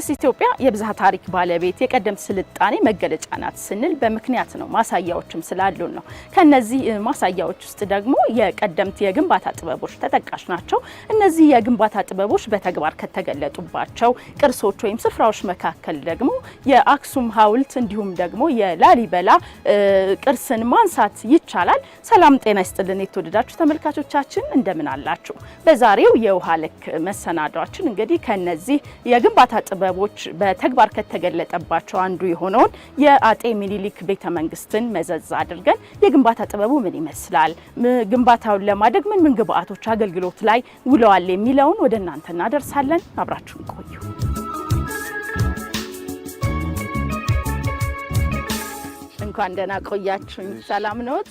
መቼስ ኢትዮጵያ የብዝሃ ታሪክ ባለቤት የቀደምት ስልጣኔ መገለጫ ናት ስንል በምክንያት ነው፣ ማሳያዎችም ስላሉን ነው። ከነዚህ ማሳያዎች ውስጥ ደግሞ የቀደምት የግንባታ ጥበቦች ተጠቃሽ ናቸው። እነዚህ የግንባታ ጥበቦች በተግባር ከተገለጡባቸው ቅርሶች ወይም ስፍራዎች መካከል ደግሞ የአክሱም ሐውልት እንዲሁም ደግሞ የላሊበላ ቅርስን ማንሳት ይቻላል። ሰላም ጤና ይስጥልን የተወደዳችሁ ተመልካቾቻችን እንደምን አላችሁ? በዛሬው የውሃ ልክ መሰናዷችን እንግዲህ ከነዚህ የግንባታ ጥበ ባልደረቦች በተግባር ከተገለጠባቸው አንዱ የሆነውን የአጤ ሚኒሊክ ቤተ መንግስትን መዘዝ አድርገን የግንባታ ጥበቡ ምን ይመስላል፣ ግንባታውን ለማደግ ምን ምን ግብአቶች አገልግሎት ላይ ውለዋል የሚለውን ወደ እናንተ እናደርሳለን። አብራችሁን ቆዩ። እንኳን ደህና ቆያችሁኝ። ሰላም ነዎት?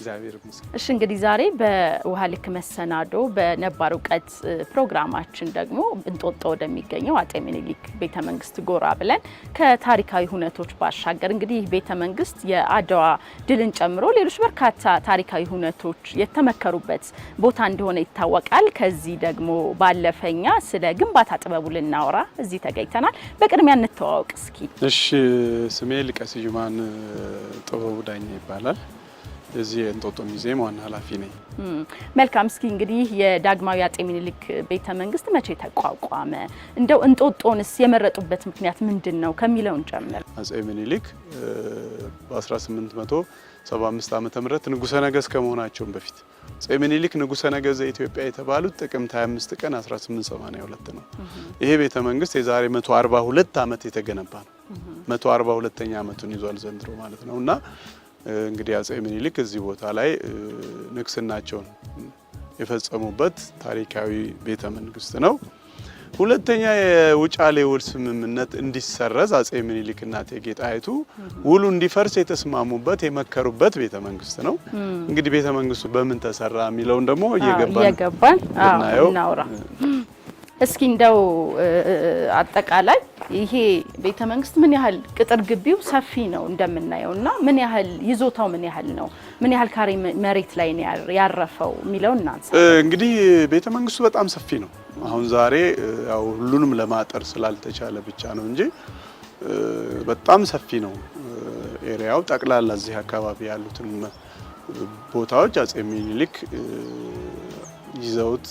እሺ እንግዲህ ዛሬ በውሃ ልክ መሰናዶ በነባር እውቀት ፕሮግራማችን ደግሞ እንጦጦ ወደሚገኘው አጤ ምኒልክ ቤተ መንግስት ጎራ ብለን ከታሪካዊ ሁነቶች ባሻገር እንግዲህ ይህ ቤተ መንግስት የአድዋ ድልን ጨምሮ ሌሎች በርካታ ታሪካዊ ሁነቶች የተመከሩበት ቦታ እንደሆነ ይታወቃል። ከዚህ ደግሞ ባለፈኛ ስለ ግንባታ ጥበቡ ልናወራ እዚህ ተገኝተናል። በቅድሚያ እንተዋወቅ እስኪ። እሺ ስሜ ሊቀ ስዩማን ጥሩ ጥበቡ ዳኛ ይባላል። የዚህ የእንጦጦ ሙዚየም ዋና ኃላፊ ነኝ። መልካም። እስኪ እንግዲህ የዳግማዊ አጤ ምኒልክ ቤተ መንግስት መቼ ተቋቋመ? እንደው እንጦጦንስ የመረጡበት ምክንያት ምንድን ነው ከሚለውን ጀምር። አጼ ምኒልክ በ1875 ዓ ም ንጉሰ ነገስ ከመሆናቸውን በፊት አጼ ምኒልክ ንጉሰ ነገስ ዘኢትዮጵያ የተባሉት ጥቅምት 25 ቀን 1882 ነው። ይሄ ቤተ መንግስት የዛሬ 142 ዓመት የተገነባ ነው። መቶ አርባ ሁለተኛ ዓመቱን ይዟል ዘንድሮ ማለት ነው እና እንግዲህ አጼ ምኒልክ እዚህ ቦታ ላይ ንግስናቸውን የፈጸሙበት ታሪካዊ ቤተ መንግስት ነው። ሁለተኛ የውጫሌ ውል ስምምነት እንዲሰረዝ አጼ ምኒልክና እቴጌ ጣይቱ ውሉ እንዲፈርስ የተስማሙበት የመከሩበት ቤተ መንግስት ነው። እንግዲህ ቤተ መንግስቱ በምን ተሰራ የሚለውን ደግሞ እየገባን እናየው። እስኪ እንደው አጠቃላይ ይሄ ቤተ መንግስት ምን ያህል ቅጥር ግቢው ሰፊ ነው እንደምናየው እና ምን ያህል ይዞታው ምን ያህል ነው ምን ያህል ካሬ መሬት ላይ ነው ያረፈው የሚለው እናንሳ። እንግዲህ ቤተ መንግስቱ በጣም ሰፊ ነው። አሁን ዛሬ ያው ሁሉንም ለማጠር ስላልተቻለ ብቻ ነው እንጂ በጣም ሰፊ ነው ኤሪያው ጠቅላላ እዚህ አካባቢ ያሉትን ቦታዎች አጼ ሚኒሊክ ይዘውት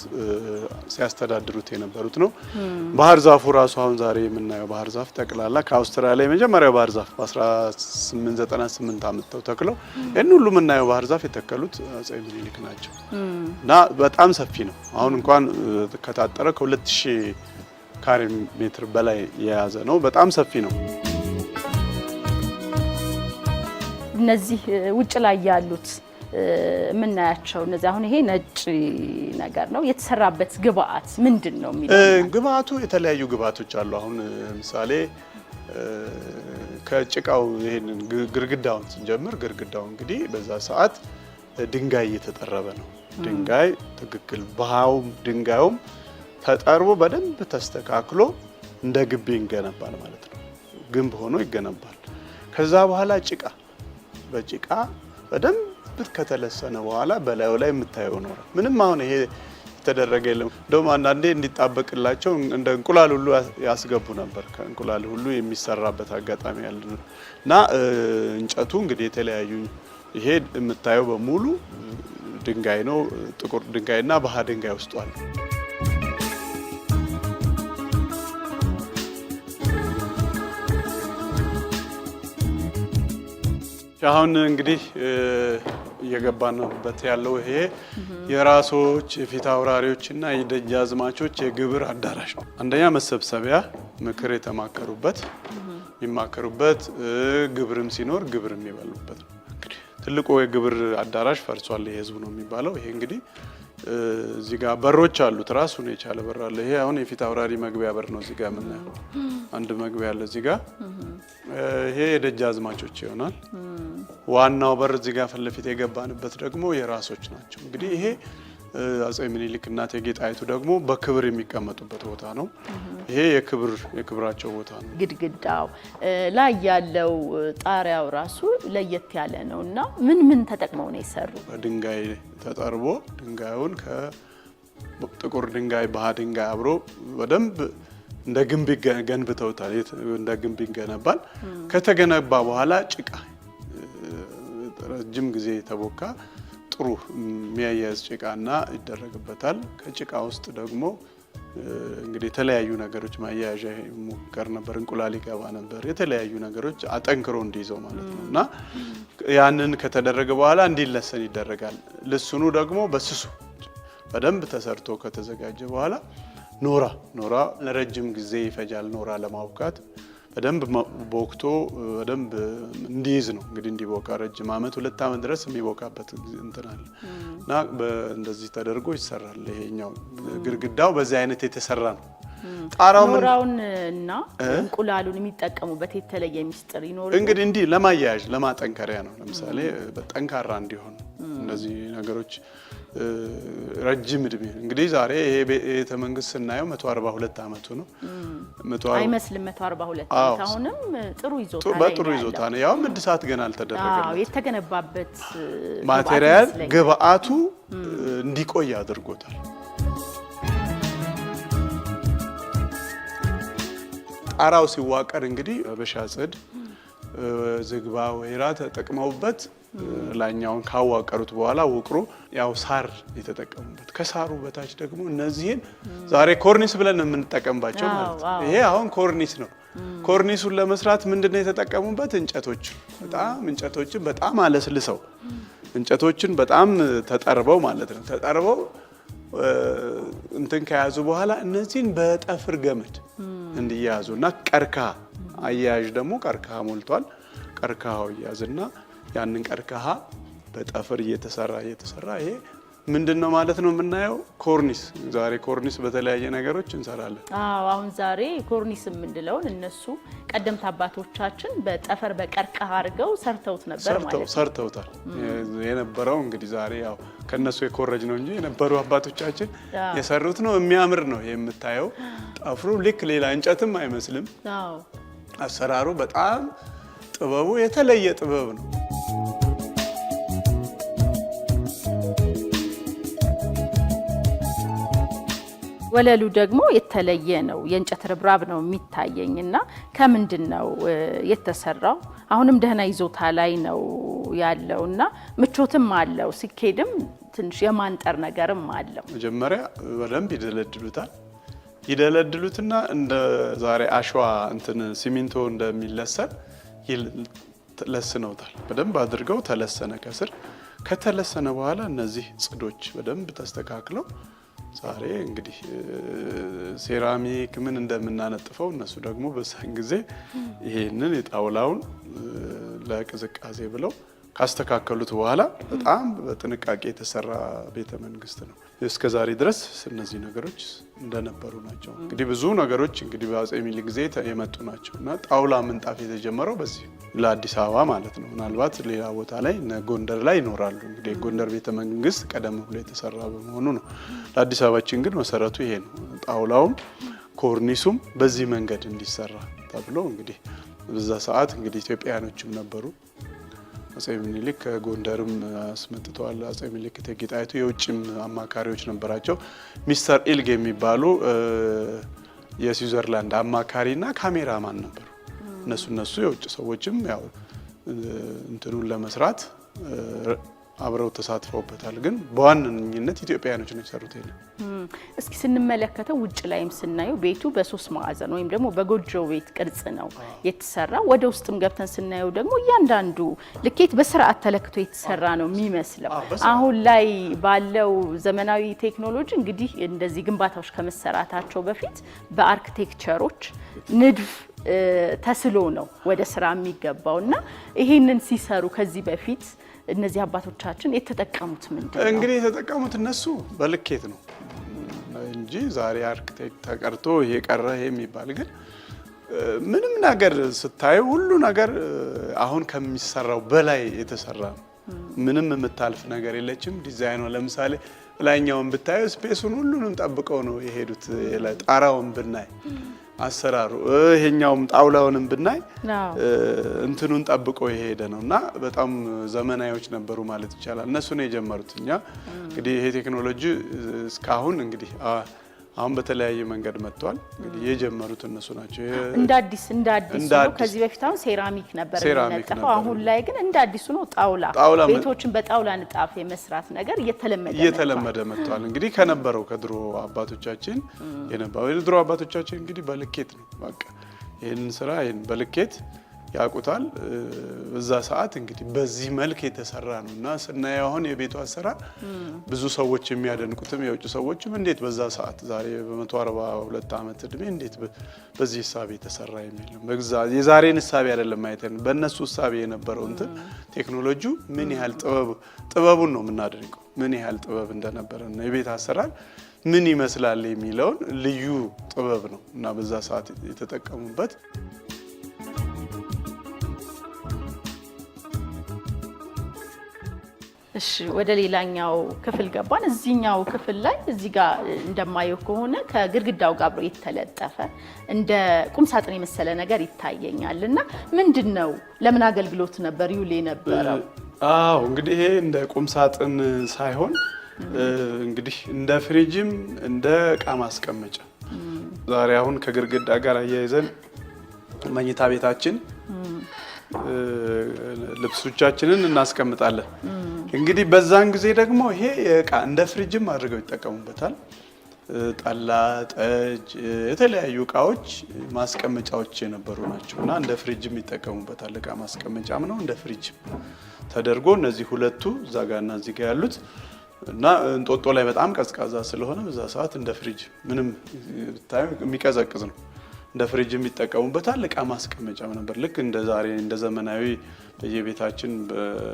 ሲያስተዳድሩት የነበሩት ነው። ባህር ዛፉ ራሱ አሁን ዛሬ የምናየው ባህር ዛፍ ጠቅላላ ከአውስትራሊያ የመጀመሪያው ባህር ዛፍ በ1898 አምጥተው ተክለው ይህን ሁሉ የምናየው ባህር ዛፍ የተከሉት አጼ ምኒልክ ናቸው እና በጣም ሰፊ ነው። አሁን እንኳን ከታጠረ ከ2000 ካሬ ሜትር በላይ የያዘ ነው። በጣም ሰፊ ነው። እነዚህ ውጭ ላይ ያሉት የምናያቸው እነዚህ አሁን ይሄ ነጭ ነገር ነው የተሰራበት ግብአት ምንድን ነው የሚለው ግብአቱ የተለያዩ ግብአቶች አሉ። አሁን ምሳሌ ከጭቃው ይሄንን ግርግዳውን ስንጀምር ግርግዳው እንግዲህ በዛ ሰዓት ድንጋይ እየተጠረበ ነው። ድንጋይ ትክክል ባሃውም ድንጋዩም ተጠርቦ በደንብ ተስተካክሎ እንደ ግቢ ይገነባል ማለት ነው። ግንብ ሆኖ ይገነባል። ከዛ በኋላ ጭቃ በጭቃ በደንብ ብጥብጥ ከተለሰነ በኋላ በላዩ ላይ የምታየው ኖረ። ምንም አሁን ይሄ የተደረገ የለም። እንደውም አንዳንዴ እንዲጣበቅላቸው እንደ እንቁላል ሁሉ ያስገቡ ነበር። ከእንቁላል ሁሉ የሚሰራበት አጋጣሚ ያለ እና እንጨቱ እንግዲህ የተለያዩ ይሄ የምታየው በሙሉ ድንጋይ ነው። ጥቁር ድንጋይና ባህ ድንጋይ ውስጧል። አሁን እንግዲህ እየገባንበት ያለው ይሄ የራሶች የፊት አውራሪዎችና የደጃዝማቾች የግብር አዳራሽ ነው። አንደኛ መሰብሰቢያ ምክር የተማከሩበት የሚማከሩበት ግብርም ሲኖር ግብር የሚበሉበት ነው። ትልቁ የግብር አዳራሽ ፈርሷል የህዝቡ ነው የሚባለው። ይሄ እንግዲህ እዚህ ጋር በሮች አሉት። ራሱን የቻለ በር አለ። ይሄ አሁን የፊት አውራሪ መግቢያ በር ነው። እዚህ ጋር የምናየው አንድ መግቢያ አለ። እዚህ ጋር ይሄ የደጃዝማቾች ይሆናል። ዋናው በር እዚህ ጋር ፊት ለፊት የገባንበት ደግሞ የራሶች ናቸው። እንግዲህ ይሄ አጼ ምኒልክ እና እቴጌ ጣይቱ ደግሞ በክብር የሚቀመጡበት ቦታ ነው። ይሄ የክብር የክብራቸው ቦታ ነው። ግድግዳው ላይ ያለው ጣሪያው ራሱ ለየት ያለ ነው እና ምን ምን ተጠቅመው ነው የሰሩ? በድንጋይ ተጠርቦ ድንጋዩን ከጥቁር ድንጋይ ባህ ድንጋይ አብሮ በደንብ እንደ ግንብ ገንብተውታል። እንደ ግንብ ይገነባል። ከተገነባ በኋላ ጭቃ ረጅም ጊዜ ተቦካ ጥሩ የሚያያዝ ጭቃና ይደረግበታል። ከጭቃ ውስጥ ደግሞ እንግዲህ የተለያዩ ነገሮች ማያያዣ ሞከር ነበር። እንቁላል ይገባ ነበር። የተለያዩ ነገሮች አጠንክሮ እንዲይዘው ማለት ነው እና ያንን ከተደረገ በኋላ እንዲለሰን ይደረጋል። ልሱኑ ደግሞ በስሱ በደንብ ተሰርቶ ከተዘጋጀ በኋላ ኖራ ኖራ ለረጅም ጊዜ ይፈጃል። ኖራ ለማውካት በደንብ ቦክቶ በደንብ እንዲይዝ ነው እንግዲህ እንዲቦካ ረጅም ዓመት ሁለት ዓመት ድረስ የሚቦካበት እንትን አለ እና እንደዚህ ተደርጎ ይሰራል። ይሄኛው ግድግዳው በዚህ አይነት የተሰራ ነው። ጣራውን እና እንቁላሉን የሚጠቀሙበት የተለየ ሚስጥር ይኖር እንግዲህ እንዲህ ለማያያዥ ለማጠንከሪያ ነው። ለምሳሌ ጠንካራ እንዲሆን እነዚህ ነገሮች ረጅም እድሜ እንግዲህ ዛሬ ይሄ ቤተ መንግስት ስናየው 142 ዓመቱ ነው። አይመስልም 142 ዓመት አሁንም ጥሩ ይዞታ በጥሩ ይዞታ ነው። ያውም እድሳት ገና አልተደረገለት የተገነባበት ማቴሪያል ግብአቱ እንዲቆይ አድርጎታል። ጣራው ሲዋቀር እንግዲህ በሻ ጽድ ዝግባ ወይራ ተጠቅመውበት ላይኛውን ካዋቀሩት በኋላ ውቅሩ ያው ሳር የተጠቀሙበት ከሳሩ በታች ደግሞ እነዚህን ዛሬ ኮርኒስ ብለን የምንጠቀምባቸው ማለት ነው። ይሄ አሁን ኮርኒስ ነው። ኮርኒሱን ለመስራት ምንድነው የተጠቀሙበት? እንጨቶችን በጣም እንጨቶችን በጣም አለስልሰው እንጨቶችን በጣም ተጠርበው ማለት ነው ተጠርበው እንትን ከያዙ በኋላ እነዚህን በጠፍር ገመድ እንዲያያዙ እና ቀርካ አያያዥ ደግሞ ቀርካ ሞልቷል። ቀርካው ያዝና ያንን ቀርከሃ በጠፍር እየተሰራ እየተሰራ ይሄ ምንድን ነው ማለት ነው የምናየው ኮርኒስ። ዛሬ ኮርኒስ በተለያየ ነገሮች እንሰራለን። አዎ አሁን ዛሬ ኮርኒስ የምንለውን እነሱ ቀደምት አባቶቻችን በጠፈር በቀርከሃ አድርገው ሰርተውት ነበር ማለት ነው። ሰርተውታል የነበረው እንግዲህ ዛሬ ያው ከእነሱ የኮረጅ ነው እንጂ የነበሩ አባቶቻችን የሰሩት ነው። የሚያምር ነው የምታየው። ጠፍሩ ልክ ሌላ እንጨትም አይመስልም። አሰራሩ በጣም ጥበቡ የተለየ ጥበብ ነው። ወለሉ ደግሞ የተለየ ነው፣ የእንጨት ርብራብ ነው የሚታየኝ እና ከምንድን ነው የተሰራው? አሁንም ደህና ይዞታ ላይ ነው ያለው እና ምቾትም አለው። ሲኬድም ትንሽ የማንጠር ነገርም አለው። መጀመሪያ በደንብ ይደለድሉታል። ይደለድሉትና እንደ ዛሬ አሸዋ እንትን ሲሚንቶ እንደሚለሰን ለስነውታል። በደንብ አድርገው ተለሰነ ከስር ከተለሰነ በኋላ እነዚህ ጽዶች በደንብ ተስተካክለው ዛሬ እንግዲህ ሴራሚክ ምን እንደምናነጥፈው እነሱ ደግሞ በዛን ጊዜ ይሄንን የጣውላውን ለቅዝቃዜ ብለው ካስተካከሉት በኋላ በጣም በጥንቃቄ የተሰራ ቤተ መንግስት ነው። እስከ ዛሬ ድረስ እነዚህ ነገሮች እንደነበሩ ናቸው። እንግዲህ ብዙ ነገሮች እንግዲህ በአጼ ሚል ጊዜ የመጡ ናቸው እና ጣውላ ምንጣፍ የተጀመረው በዚህ ለአዲስ አበባ ማለት ነው። ምናልባት ሌላ ቦታ ላይ ጎንደር ላይ ይኖራሉ። እንግዲህ ጎንደር ቤተ መንግስት ቀደም ብሎ የተሰራ በመሆኑ ነው። ለአዲስ አበባችን ግን መሰረቱ ይሄ ነው። ጣውላውም ኮርኒሱም በዚህ መንገድ እንዲሰራ ተብሎ እንግዲህ በዛ ሰዓት እንግዲህ ኢትዮጵያውያኖችም ነበሩ አፄ ምኒልክ ከጎንደርም አስመጥተዋል። አጼ ምኒልክ እቴጌ ጣይቱ የውጭም አማካሪዎች ነበራቸው። ሚስተር ኢልግ የሚባሉ የስዊዘርላንድ አማካሪና ካሜራማን ነበሩ። እነሱ እነሱ የውጭ ሰዎችም ያው እንትኑን ለመስራት አብረው ተሳትፈውበታል። ግን በዋነኝነት ኢትዮጵያውያኖች ነው የሰሩት። ይ እስኪ ስንመለከተው ውጭ ላይም ስናየው ቤቱ በሶስት ማዕዘን ወይም ደግሞ በጎጆ ቤት ቅርጽ ነው የተሰራ። ወደ ውስጥም ገብተን ስናየው ደግሞ እያንዳንዱ ልኬት በስርዓት ተለክቶ የተሰራ ነው የሚመስለው። አሁን ላይ ባለው ዘመናዊ ቴክኖሎጂ እንግዲህ እንደዚህ ግንባታዎች ከመሰራታቸው በፊት በአርክቴክቸሮች ንድፍ ተስሎ ነው ወደ ስራ የሚገባው እና ይሄንን ሲሰሩ ከዚህ በፊት እነዚህ አባቶቻችን የተጠቀሙት ምንድን ነው? እንግዲህ የተጠቀሙት እነሱ በልኬት ነው እንጂ ዛሬ አርክቴክት ተቀርቶ ይሄ ቀረ ይሄ የሚባል ግን ምንም ነገር ስታዩ ሁሉ ነገር አሁን ከሚሰራው በላይ የተሰራ ነው። ምንም የምታልፍ ነገር የለችም። ዲዛይኑ ለምሳሌ ላይኛውን ብታዩ ስፔሱን ሁሉንም ጠብቀው ነው የሄዱት። ጣራውን ብናይ አሰራሩ ይሄኛውም ጣውላውንም ብናይ እንትኑን ጠብቆ የሄደ ነው እና በጣም ዘመናዊዎች ነበሩ ማለት ይቻላል። እነሱ ነው የጀመሩት። እኛ እንግዲህ ይሄ ቴክኖሎጂ እስካሁን እንግዲህ አሁን በተለያየ መንገድ መጥቷል። እንግዲህ የጀመሩት እነሱ ናቸው። እንደ አዲስ እንደ አዲስ ነው። ከዚህ በፊት አሁን ሴራሚክ ነበር የሚነጠፈው። አሁን ላይ ግን እንደ አዲሱ ነው ጣውላ ጣውላ ቤቶችን በጣውላ ንጣፍ የመስራት ነገር እየተለመደ እየተለመደ መጥቷል። እንግዲህ ከነበረው ከድሮ አባቶቻችን የነበረው የድሮ አባቶቻችን እንግዲህ በልኬት ነው በቃ ይህንን ስራ ይህን በልኬት ያውቁታል። በዛ ሰዓት እንግዲህ በዚህ መልክ የተሰራ ነው እና ስናየው አሁን የቤቱ አሰራር ብዙ ሰዎች የሚያደንቁትም የውጭ ሰዎችም እንዴት በዛ ሰዓት ዛሬ በ142 ዓመት እድሜ እንዴት በዚህ እሳቤ የተሰራ የሚል የዛሬን እሳቤ አይደለም ማየት በእነሱ እሳቤ የነበረው እንትን ቴክኖሎጂ ምን ያህል ጥበቡን ነው የምናደንቀው ምን ያህል ጥበብ እንደነበረ የቤት አሰራር ምን ይመስላል የሚለውን ልዩ ጥበብ ነው እና በዛ ሰዓት የተጠቀሙበት እሺ ወደ ሌላኛው ክፍል ገባን። እዚህኛው ክፍል ላይ እዚህ ጋር እንደማየው ከሆነ ከግድግዳው ጋር አብሮ የተለጠፈ እንደ ቁም ሳጥን የመሰለ ነገር ይታየኛል። እና ምንድን ነው ለምን አገልግሎት ነበር ይውል የነበረው? አዎ እንግዲህ ይሄ እንደ ቁም ሳጥን ሳይሆን እንግዲህ እንደ ፍሪጅም እንደ እቃ ማስቀመጫ ዛሬ አሁን ከግድግዳ ጋር አያይዘን መኝታ ቤታችን ልብሶቻችንን እናስቀምጣለን። እንግዲህ በዛን ጊዜ ደግሞ ይሄ እቃ እንደ ፍሪጅም አድርገው ይጠቀሙበታል። ጠላ፣ ጠጅ፣ የተለያዩ እቃዎች ማስቀመጫዎች የነበሩ ናቸው እና እንደ ፍሪጅም ይጠቀሙበታል። እቃ ማስቀመጫም ነው እንደ ፍሪጅም ተደርጎ እነዚህ ሁለቱ እዛ ጋ እና እዚህ ጋ ያሉት እና እንጦጦ ላይ በጣም ቀዝቃዛ ስለሆነ በዛ ሰዓት እንደ ፍሪጅ ምንም ብታዩ የሚቀዘቅዝ ነው። እንደ ፍሪጅ የሚጠቀሙበት እቃ ማስቀመጫው ነበር። ልክ እንደ ዛሬ እንደ ዘመናዊ በየቤታችን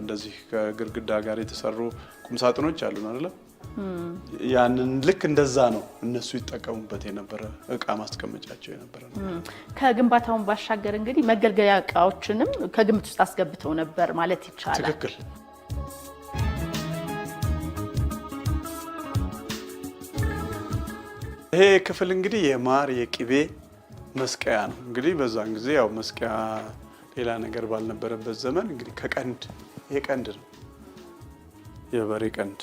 እንደዚህ ከግርግዳ ጋር የተሰሩ ቁምሳጥኖች አሉ አለ። ያንን ልክ እንደዛ ነው እነሱ ይጠቀሙበት የነበረ እቃ ማስቀመጫቸው የነበረ ነው። ከግንባታውን ባሻገር እንግዲህ መገልገያ እቃዎችንም ከግምት ውስጥ አስገብተው ነበር ማለት ይቻላል። ትክክል። ይሄ ክፍል እንግዲህ የማር የቅቤ መስቀያ ነው። እንግዲህ በዛን ጊዜ ያው መስቀያ ሌላ ነገር ባልነበረበት ዘመን እንግዲህ ከቀንድ ይሄ ቀንድ ነው፣ የበሬ ቀንድ።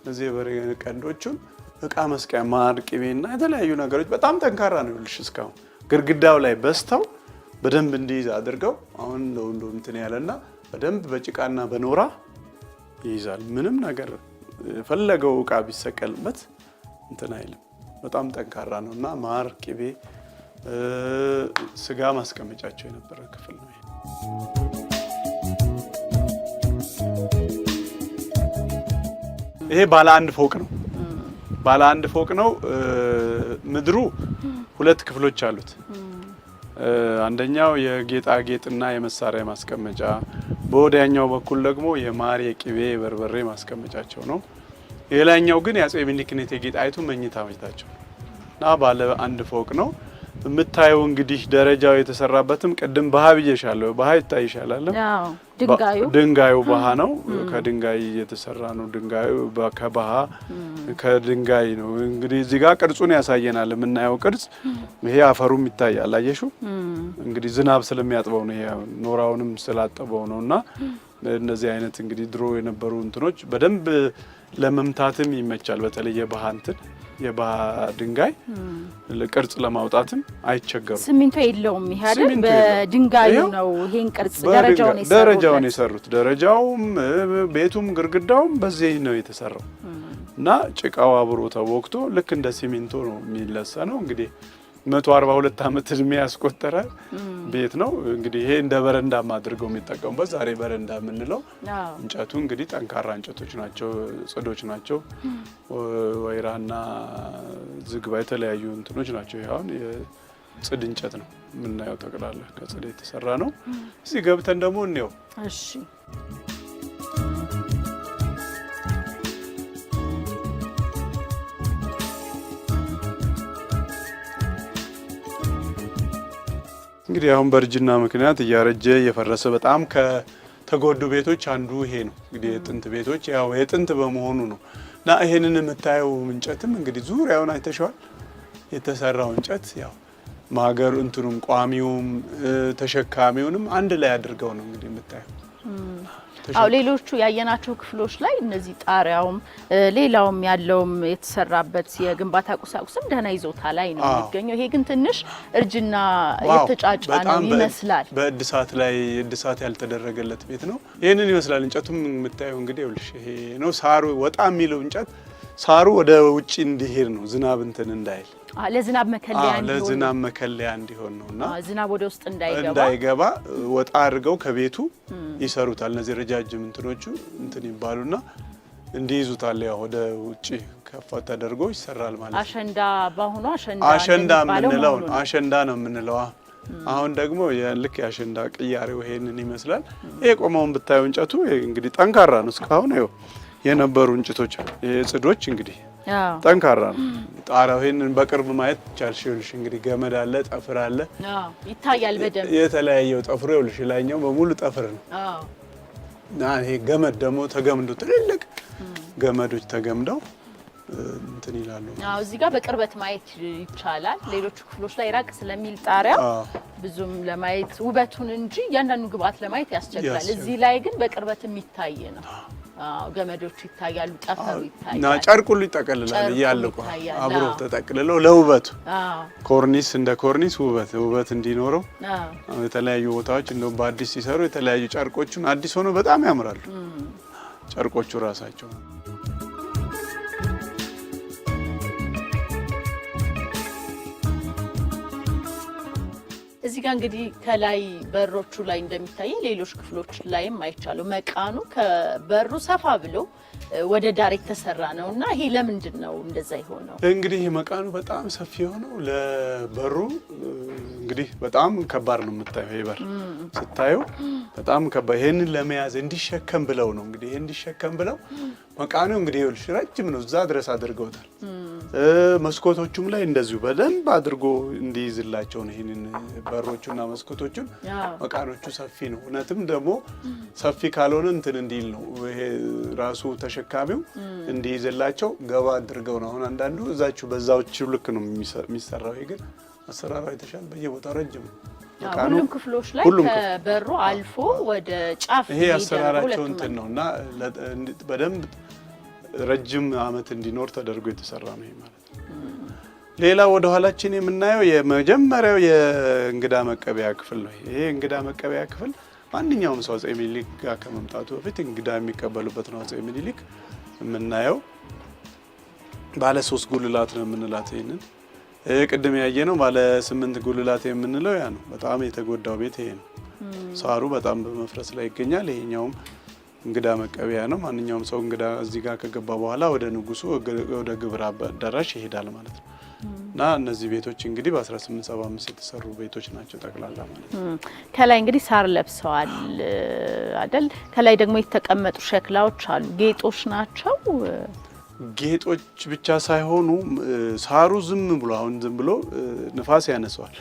እነዚህ የበሬ ቀንዶቹን እቃ መስቀያ ማር፣ ቅቤና የተለያዩ ነገሮች በጣም ጠንካራ ነው ይኸውልሽ፣ እስካሁን ግድግዳው ላይ በስተው በደንብ እንዲይዝ አድርገው አሁን እንደው እንደው እንትን ያለና በደንብ በጭቃና በኖራ ይይዛል። ምንም ነገር የፈለገው እቃ ቢሰቀልበት እንትን አይልም። በጣም ጠንካራ ነው እና ማር ቅቤ ስጋ ማስቀመጫቸው የነበረ ክፍል ነው። ይሄ ባለ አንድ ፎቅ ነው። ባለ አንድ ፎቅ ነው። ምድሩ ሁለት ክፍሎች አሉት። አንደኛው የጌጣጌጥና የመሳሪያ ማስቀመጫ፣ በወዲያኛው በኩል ደግሞ የማር የቅቤ የበርበሬ ማስቀመጫቸው ነው። ሌላኛው ግን የአጼ ምኒልክን የእቴጌ ጣይቱ መኝታ ቤታቸው እና ባለ አንድ ፎቅ ነው። የምታየው እንግዲህ ደረጃው የተሰራበትም ቅድም ባህ ብዬሻለሁ። ባህ ይታይሻል ድንጋዩ ባህ ነው። ከድንጋይ የተሰራ ነው። ድንጋዩ ከባህ ከድንጋይ ነው። እንግዲህ እዚህ ጋር ቅርጹን ያሳየናል። የምናየው ቅርጽ ይሄ አፈሩም ይታያል። አየሹ። እንግዲህ ዝናብ ስለሚያጥበው ነው። ይሄ ኖራውንም ስላጠበው ነው እና እነዚህ አይነት እንግዲህ ድሮ የነበሩ እንትኖች በደንብ ለመምታትም ይመቻል። በተለይ ባህ እንትን የባህ ድንጋይ ቅርጽ ለማውጣትም አይቸገሩም። ሲሚንቶ የለውም። ይሄ አይደል በድንጋዩ ነው ይሄን ቅርጽ ደረጃውን የሰሩት። ደረጃውም ቤቱም ግርግዳውም በዚህ ነው የተሰራው እና ጭቃው አብሮ ተቦክቶ ልክ እንደ ሲሚንቶ ነው የሚለሰነው እንግዲህ መቶ አርባ ሁለት ዓመት እድሜ ያስቆጠረ ቤት ነው። እንግዲህ ይሄ እንደ በረንዳም አድርገው የሚጠቀሙበት ዛሬ በረንዳ የምንለው እንጨቱ እንግዲህ ጠንካራ እንጨቶች ናቸው፣ ጽዶች ናቸው። ወይራና ዝግባ የተለያዩ እንትኖች ናቸው። ይሁን የጽድ እንጨት ነው የምናየው። ጠቅላላ ከጽድ የተሰራ ነው። እዚህ ገብተን ደግሞ እንየው። እሺ እንግዲህ አሁን በእርጅና ምክንያት እያረጀ እየፈረሰ በጣም ከተጎዱ ቤቶች አንዱ ይሄ ነው። እንግዲህ የጥንት ቤቶች ያው የጥንት በመሆኑ ነው እና ይሄንን የምታየው እንጨትም እንግዲህ ዙሪያውን አይተሸዋል። የተሰራው እንጨት ያው ማገር እንትኑም ቋሚውም ተሸካሚውንም አንድ ላይ አድርገው ነው እንግዲህ የምታየው አዎ ሌሎቹ ያየናቸው ክፍሎች ላይ እነዚህ ጣሪያውም ሌላውም ያለውም የተሰራበት የግንባታ ቁሳቁስም ደህና ይዞታ ላይ ነው የሚገኘው። ይሄ ግን ትንሽ እርጅና የተጫጫ ነው ይመስላል። በእድሳት ላይ እድሳት ያልተደረገለት ቤት ነው። ይህንን ይመስላል። እንጨቱም የምታየው እንግዲህ ይኸውልሽ ይሄ ነው። ሳሩ ወጣ የሚለው እንጨት ሳሩ ወደ ውጭ እንዲሄድ ነው፣ ዝናብ እንትን እንዳይል ለዝናብ መከለያ ለዝናብ መከለያ እንዲሆን ነው እና ዝናብ ወደ ውስጥ እንዳይገባ እንዳይገባ ወጣ አድርገው ከቤቱ ይሰሩታል። እነዚህ ረጃጅም እንትኖቹ እንትን ይባሉና እንዲይዙታል። ያው ወደ ውጭ ከፍ ተደርጎ ይሰራል ማለት ነው። አሸንዳ በአሁኑ አሸንዳ አሸንዳ የምንለው አሸንዳ ነው የምንለው። አሁን ደግሞ ልክ የአሸንዳ ቅያሬው ይሄንን ይመስላል። ይሄ ቆመውን ብታየው እንጨቱ እንግዲህ ጠንካራ ነው እስካሁን ይኸው የነበሩ እንጭቶች ጽዶች እንግዲህ ጠንካራ ነው ጣሪያው። ይህንን በቅርብ ማየት ቻልሽ። ይኸውልሽ እንግዲህ ገመድ አለ፣ ጠፍር አለ፣ ይታያል በደንብ የተለያየው ጠፍሮ። ይኸውልሽ ላይኛው በሙሉ ጠፍር ነው እና ይሄ ገመድ ደግሞ ተገምዶ ትልልቅ ገመዶች ተገምደው እንትን ይላሉ። አዎ እዚህ ጋር በቅርበት ማየት ይቻላል። ሌሎቹ ክፍሎች ላይ ራቅ ስለሚል ጣሪያ ብዙም ለማየት ውበቱን እንጂ እያንዳንዱ ግብአት ለማየት ያስቸግራል። እዚህ ላይ ግን በቅርበት የሚታይ ነው። ገመዶቹ ይታያሉ፣ ጠፈሩ ይታያል፣ ጨርቁ ሁሉ ይጠቀልላል እያለቁ አብሮ ተጠቅልለው ለውበቱ ኮርኒስ እንደ ኮርኒስ ውበት ውበት እንዲኖረው የተለያዩ ቦታዎች እንደውም በአዲስ ሲሰሩ የተለያዩ ጨርቆቹን አዲስ ሆነው በጣም ያምራሉ ጨርቆቹ ራሳቸው ነው። መግቢያ እንግዲህ ከላይ በሮቹ ላይ እንደሚታይ ሌሎች ክፍሎች ላይም አይቻሉ መቃኑ ከበሩ ሰፋ ብሎ ወደ ዳር የተሰራ ነው እና ይሄ ለምንድን ነው እንደዛ የሆነው? እንግዲህ መቃኑ በጣም ሰፊ የሆነው ለበሩ እንግዲህ በጣም ከባድ ነው የምታየው። ይሄ በር ስታየው በጣም ከባድ ይሄንን ለመያዝ እንዲሸከም ብለው ነው እንግዲህ ይሄን እንዲሸከም ብለው መቃኑ እንግዲህ ይኸውልሽ ረጅም ነው፣ እዛ ድረስ አድርገውታል። መስኮቶቹም ላይ እንደዚሁ በደንብ አድርጎ እንዲይዝላቸው ነው። ይህንን በሮቹና መስኮቶቹን መቃኖቹ ሰፊ ነው። እውነትም ደግሞ ሰፊ ካልሆነ እንትን እንዲል ነው ይሄ ራሱ ተሸካሚው እንዲይዝላቸው ገባ አድርገው ነው። አሁን አንዳንዱ እዛችሁ በዛዎቹ ልክ ነው የሚሰራው። ይሄ ግን አሰራራ የተሻለ በየቦታ ረጅም ሁሉም ክፍሎች ላይ ከበሩ አልፎ ወደ ጫፍ ይሄ አሰራራቸው እንትን ነው እና በደንብ ረጅም አመት እንዲኖር ተደርጎ የተሰራ ነው ማለት ነው። ሌላ ወደ ኋላችን የምናየው የመጀመሪያው የእንግዳ መቀበያ ክፍል ነው። ይሄ እንግዳ መቀበያ ክፍል ማንኛውም ሰው አፄ ሚኒሊክ ጋር ከመምጣቱ በፊት እንግዳ የሚቀበሉበት ነው። አፄ ሚኒሊክ የምናየው ባለ ሶስት ጉልላት ነው የምንላት ይህንን ቅድም ያየ ነው ባለ ስምንት ጉልላት የምንለው ያ ነው። በጣም የተጎዳው ቤት ይሄ ነው። ሳሩ በጣም በመፍረስ ላይ ይገኛል። ይሄኛውም እንግዳ መቀበያ ነው። ማንኛውም ሰው እንግዳ እዚህ ጋር ከገባ በኋላ ወደ ንጉሱ ወደ ግብር አዳራሽ ይሄዳል ማለት ነው እና እነዚህ ቤቶች እንግዲህ በ1875 የተሰሩ ቤቶች ናቸው ጠቅላላ ማለት ነው። ከላይ እንግዲህ ሳር ለብሰዋል አደል። ከላይ ደግሞ የተቀመጡ ሸክላዎች አሉ፣ ጌጦች ናቸው። ጌጦች ብቻ ሳይሆኑ ሳሩ ዝም ብሎ አሁን ዝም ብሎ ንፋስ ያነሰዋል።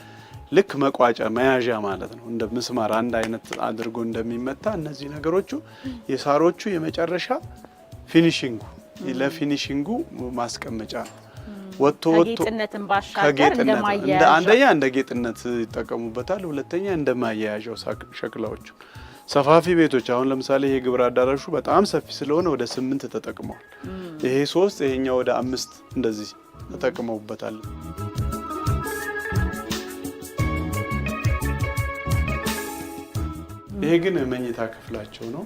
ልክ መቋጫ መያዣ ማለት ነው። እንደ ምስማር አንድ አይነት አድርጎ እንደሚመታ እነዚህ ነገሮቹ የሳሮቹ የመጨረሻ ፊኒሽንጉ ለፊኒሽንጉ ማስቀመጫ ነው። ወጥቶ ወጥቶ ከጌጥነት አንደኛ እንደ ጌጥነት ይጠቀሙበታል፣ ሁለተኛ እንደ ማያያዣው ሸክላዎቹ ሰፋፊ ቤቶች አሁን ለምሳሌ ይሄ ግብር አዳራሹ በጣም ሰፊ ስለሆነ ወደ ስምንት ተጠቅመዋል። ይሄ ሶስት ይሄኛው ወደ አምስት እንደዚህ ተጠቅመውበታል። ይሄ ግን መኝታ ክፍላቸው ነው።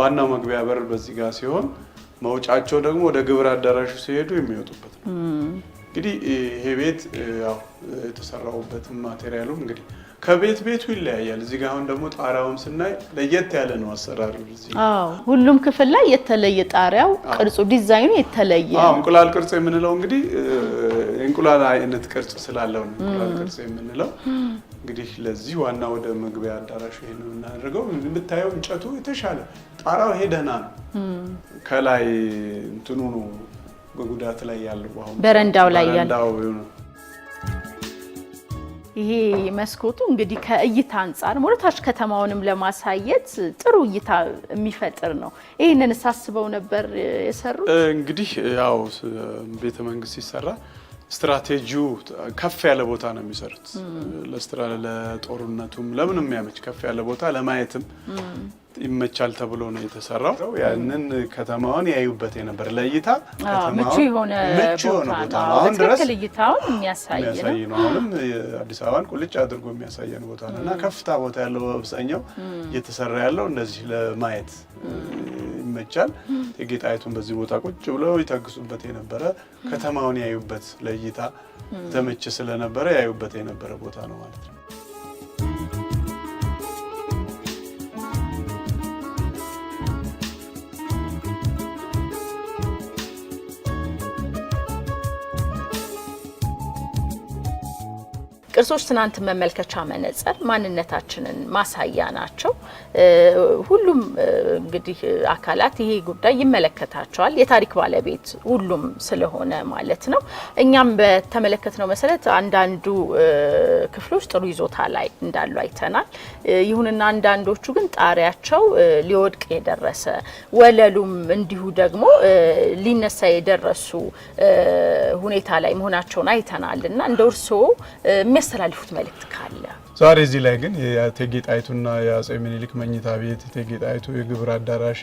ዋናው መግቢያ በር በዚህ ጋር ሲሆን መውጫቸው ደግሞ ወደ ግብር አዳራሹ ሲሄዱ የሚወጡበት ነው። እንግዲህ ይሄ ቤት ያው የተሰራውበት ማቴሪያሉም እንግዲህ ከቤት ቤቱ ይለያያል። እዚህ ጋር አሁን ደግሞ ጣሪያውም ስናይ ለየት ያለ ነው አሰራሩ። ሁሉም ክፍል ላይ የተለየ ጣሪያው ቅርጹ፣ ዲዛይኑ የተለየ እንቁላል ቅርጽ የምንለው እንግዲህ እንቁላል አይነት ቅርጽ ስላለው ነው እንቁላል ቅርጽ የምንለው። እንግዲህ ለዚህ ዋና ወደ መግቢያ አዳራሹ ነው የምናደርገው የምታየው እንጨቱ የተሻለ ጣራው ይሄ ደህና ነው። ከላይ እንትኑ ነው በጉዳት ላይ ያለው በረንዳው ላይ ያለው ይሄ መስኮቱ እንግዲህ ከእይታ አንጻር ወደታች ከተማውንም ለማሳየት ጥሩ እይታ የሚፈጥር ነው። ይህንን ሳስበው ነበር የሰሩት። እንግዲህ ያው ቤተ መንግስት ሲሰራ ስትራቴጂው ከፍ ያለ ቦታ ነው የሚሰሩት። ለጦርነቱም ለምንም ያመች ከፍ ያለ ቦታ ለማየትም ይመቻል ተብሎ ነው የተሰራው። ያንን ከተማውን ያዩበት የነበር ለእይታ ምቹ የሆነ ቦታ ነው። አሁን ድረስ እይታውን የሚያሳይ ነው። አሁንም አዲስ አበባን ቁልጭ አድርጎ የሚያሳየን ቦታ ነው እና ከፍታ ቦታ ያለው በአብዛኛው እየተሰራ ያለው እንደዚህ ለማየት ይመቻል። እቴጌ በዚህ ቦታ ቁጭ ብለው ይታግሱበት የነበረ ከተማውን ያዩበት ለእይታ ተመች ስለነበረ ያዩበት የነበረ ቦታ ነው ማለት ነው። ቅርሶች ትናንት መመልከቻ መነጽር፣ ማንነታችንን ማሳያ ናቸው። ሁሉም እንግዲህ አካላት ይሄ ጉዳይ ይመለከታቸዋል። የታሪክ ባለቤት ሁሉም ስለሆነ ማለት ነው። እኛም በተመለከትነው መሰረት አንዳንዱ ክፍሎች ጥሩ ይዞታ ላይ እንዳሉ አይተናል። ይሁንና አንዳንዶቹ ግን ጣሪያቸው ሊወድቅ የደረሰ ወለሉም እንዲሁ ደግሞ ሊነሳ የደረሱ ሁኔታ ላይ መሆናቸውን አይተናል እና እንደ እርስዎ የሚያስተላልፉት መልእክት ካለ ዛሬ እዚህ ላይ ግን የእቴጌ ጣይቱና የአጼ ምኒልክ መኝታ ቤት፣ የእቴጌ ጣይቱ የግብር አዳራሽ፣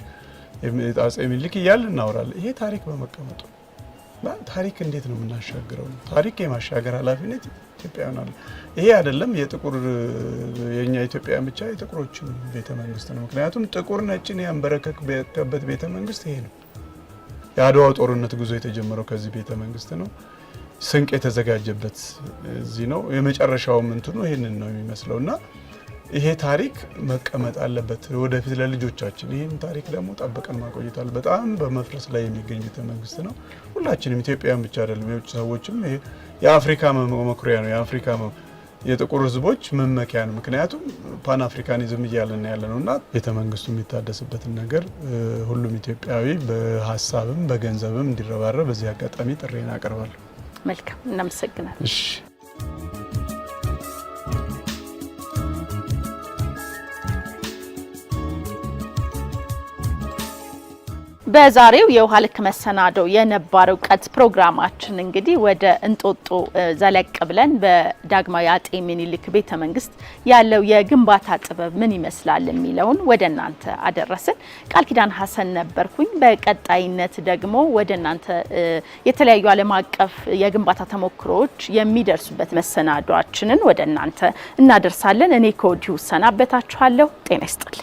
አጼ ምኒልክ እያል እናወራለን። ይሄ ታሪክ በመቀመጡ ታሪክ እንዴት ነው የምናሻግረው? ታሪክ የማሻገር ኃላፊነት ኢትዮጵያውያን አለ። ይሄ አይደለም የጥቁር የኛ ኢትዮጵያ ብቻ የጥቁሮችን ቤተ መንግስት ነው። ምክንያቱም ጥቁር ነጭን ያንበረከክበት ቤተ መንግስት ይሄ ነው። የአድዋው ጦርነት ጉዞ የተጀመረው ከዚህ ቤተ መንግስት ነው። ስንቅ የተዘጋጀበት እዚህ ነው። የመጨረሻውም እንትኑ ይህንን ነው የሚመስለው እና ይሄ ታሪክ መቀመጥ አለበት ወደፊት ለልጆቻችን። ይህን ታሪክ ደግሞ ጠብቀን ማቆየታል። በጣም በመፍረስ ላይ የሚገኝ ቤተ መንግስት ነው። ሁላችንም ኢትዮጵያውያን ብቻ አይደለም፣ የውጭ ሰዎችም የአፍሪካ መኩሪያ ነው። የአፍሪካ የጥቁር ህዝቦች መመኪያ ነው። ምክንያቱም ፓን አፍሪካኒዝም እያለን ያለ ነው እና ቤተ መንግስቱ የሚታደስበትን ነገር ሁሉም ኢትዮጵያዊ በሀሳብም በገንዘብም እንዲረባረብ በዚህ አጋጣሚ ጥሬን አቀርባለሁ። መልካም እናመሰግናለን። በዛሬው የውሃ ልክ መሰናዶ የነባር እውቀት ፕሮግራማችን እንግዲህ ወደ እንጦጦ ዘለቅ ብለን በዳግማዊ አጤ ምኒልክ ቤተ መንግስት ያለው የግንባታ ጥበብ ምን ይመስላል የሚለውን ወደ እናንተ አደረስን። ቃል ኪዳን ሀሰን ነበርኩኝ። በቀጣይነት ደግሞ ወደ እናንተ የተለያዩ ዓለም አቀፍ የግንባታ ተሞክሮዎች የሚደርሱበት መሰናዷችንን ወደ እናንተ እናደርሳለን። እኔ ከወዲሁ እሰናበታችኋለሁ። ጤና ይስጥልኝ።